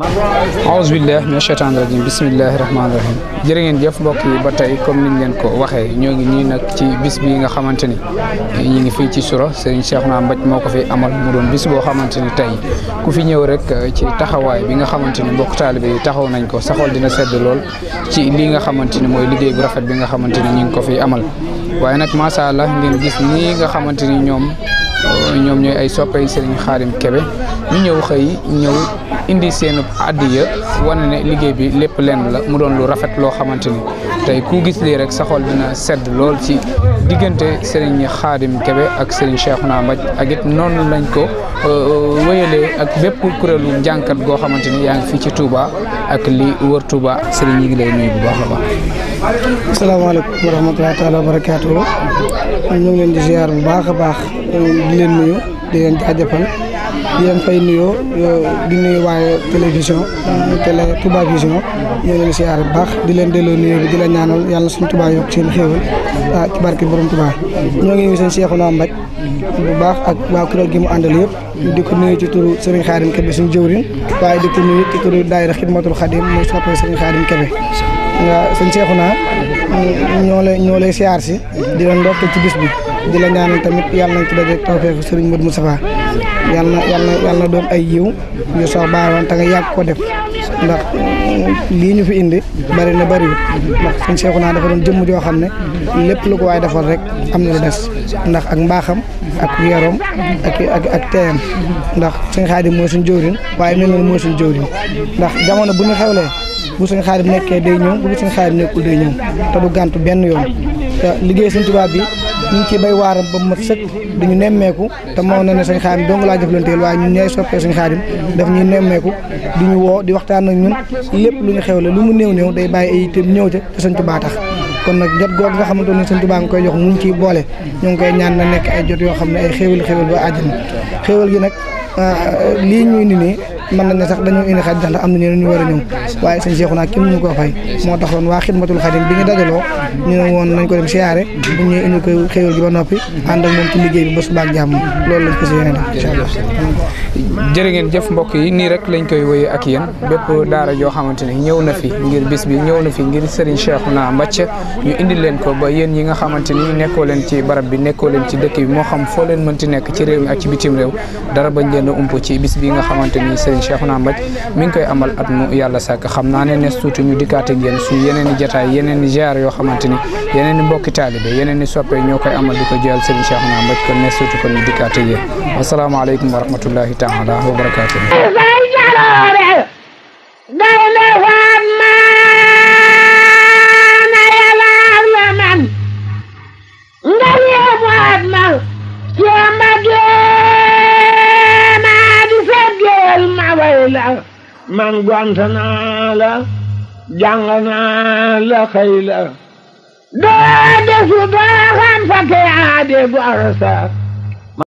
aousubillah mina cheytaan rajim bisimillahi rahmaani rahim jërë ngeen jëf mbokk yi ba tey comme niñ leen ko waxee ñoo ngi nii nag ci bis bi nga xamante ni ñu ngi fii ci Soura Serigne Cheikhouna Mbaj moo ko fi amal mu doon bis boo xamante ni tey ku fi ñëw rek eh, ci taxawaay bi nga xamante ni mbokk taalibe yi taxaw nañ ko saxool dina sedd lool ci li nga xamante ni mooy liggéey bi rafet bi nga xamante ni ñu ngi ko fi amal waaye nag macha ngeen gis nii nga xamante ni ñoom ñoom ñooy ay soppey Serigne Khadim Kebe ñu ñëw xëy ñëw indi seen addiya wane ne liggéey bi lépp lenn la mu doon lu rafet loo xamante ni tey ku gis lii rek saxool xol dina sedd lool ci diggante Serigne xaadim Kebe ak Serigne Cheikhouna Mbaj ak it noonu lañ ko euh, euh, wéyalee ak bépp kuréelu jànkat goo xamante ni yaa ngi fii ci Touba ak li wër Touba Serigne ñi ngi lay nuyu bu baax a baax. asalaamaaleykum barakaatu. ñu ngi leen di ziar bu baax a baax di leen nuyu di leen jaajëfal di leen fay nuyoo euh, di nuyu waaye télévision télé Touba Vision ñu ngi leen di ziar bu baax di leen delloo nuyoo bi di la ñaanal yàlla suñu Touba yokk seen xéewal ah ci barke borom Touba ñoo ngi nuyu seen Cheikhouna Mbaj bu baax ak waa kuréel gi mu àndal yëpp di ko nuyu ci turu Serigne Khadim Kébé suñu jëwriñ waaye di ko nuyu ci turu daayira Xidmatul Xadim mooy soppee Serigne Khadim Kébé ñoo lay ñoo lay siyaar si di la ndokk ci bis bi di la ñaanal tamit yàlla nañ ci daje tawfeexu sëriñ Modou Moustapha yàlla na yàlla na yàlla na doon ay yiw yu soo baaxoon te nga yàgg ko def ndax lii ñu fi indi bari na bariwut ndax suñ seexu naa dafa doon jëmm joo xam ne lépp lu ko waaye defal rek am na lu des ndax ak mbaaxam ak yaroom ak ak ak teeyam ndax suñ xaaj mooy suñ jëwriñ waaye mel na mooy suñ jëwriñ ndax jamono bu ñu xewlee bu suñ xaadim nekkee day ñëw bu suñ xaadim nekkul day ñëw te du gànt benn yoon liggéey suñ tubaab yi ñu ngi ciy bay waaram ba ma sëkk dañu nemmeeku te moo na ne sëñ xaadim dong laa jëflanteel waaye ñun ñooy soppee sëñ xaadim daf ñuy nemmeeku di ñu woo di waxtaan ak ñun lépp lu ñu xew la lu mu néew néew day bàyyi ay itam ñëw ca te sëñ Tuubaa tax kon nag jot googu nga xamante ne sëñ Tuubaa nga koy jox mu ngi ciy boole ñoo ngi koy ñaan na nekk ay jot yoo xam ne ay xéewal xéewal ba àjjana xéewal gi nag ah, lii ñuy indi nii man nañ ne sax dañoo indi xaj ndax am na ñeneen ñu war a ñëw waaye sëñ Cheikhouna kenn fay moo tax waa xidmatul xadim bi ñu dajaloo ñu ne woon nañ ko dem siyaare bu ñëwee indi ko xéewal gi ba noppi ànd ak ci liggéey bi ba suba ak jàmm loolu lañ jëf mbokk yi nii rek lañ koy wéyee ak yéen bépp daara joo xamante ne ñëw na fi ngir bis bi ñëw na fi ngir sëriñ naa Mbathie ñu indi leen ko ba yéen yi nga xamante ni nekkoo leen ci barab bi nekkoo leen ci dëkk bi moo xam foo leen mënti nekk ci réew mi ak ci bitim réew dara bañ leen ump ci bis bi nga xamante ni sëriñ Serigne Cheikhouna Mbaj mi ngi koy amal at mu yàlla sàkk xam naa ne nees tuuti ñu dikkaat ak yéen su yeneen i jataay yeneen i ziar yoo xamante ni yeneen i mbokki taalibe yeneen i soppe ñoo koy amal di ko jël Serigne Cheikhouna Mbaj kon nees tuuti kon ñu dikkaat ak yéen asalaamaaleykum wa rahmatullahi taala wa barakaatu man gont naa la jàng naa la xëy la doo desu doo xam